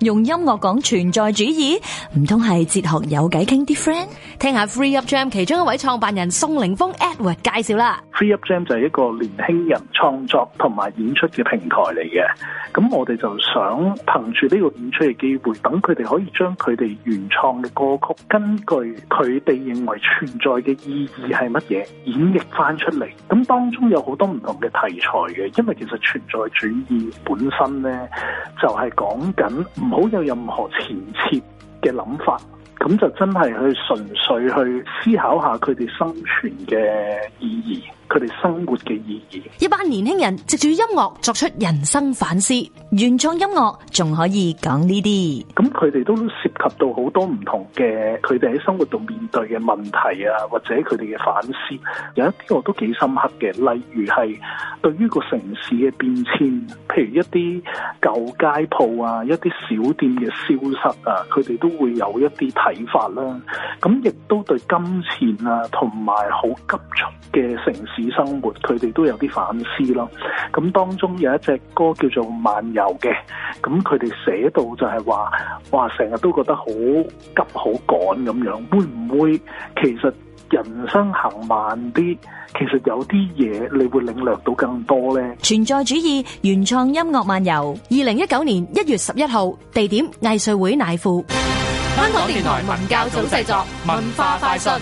用音樂講存在主義，唔通係哲學有偈傾啲 friend？聽下 Free Up Jam 其中一位創辦人宋凌峰 Edward 介紹啦。Free Up Jam 就係一個年輕人創作同埋演出嘅平台嚟嘅，咁我哋就想憑住呢個演出嘅機會，等佢哋可以將佢哋原創嘅歌曲，根據佢哋認為存在嘅意義係乜嘢演繹翻出嚟。咁當中有好多唔同嘅題材嘅，因為其實存在主義本身咧就係講緊。唔好有任何前設嘅諗法。咁就真係去純粹去思考下佢哋生存嘅意義，佢哋生活嘅意義。一班年輕人藉住音樂作出人生反思，原創音樂仲可以講呢啲。咁佢哋都涉及到好多唔同嘅，佢哋喺生活度面對嘅問題啊，或者佢哋嘅反思，有一啲我都幾深刻嘅，例如係對於個城市嘅變遷，譬如一啲舊街鋪啊，一啲小店嘅消失啊，佢哋都會有一啲睇。睇法啦，咁亦都對金錢啊，同埋好急促嘅城市生活，佢哋都有啲反思咯。咁當中有一隻歌叫做《漫遊》嘅，咁佢哋寫到就係話，哇，成日都覺得好急好趕咁樣，會唔會其實人生行慢啲，其實有啲嘢你會領略到更多呢？存在主義原創音樂《漫遊》，二零一九年一月十一號，地點藝穗會奶庫。香港電台文教組製作《文化快訊》。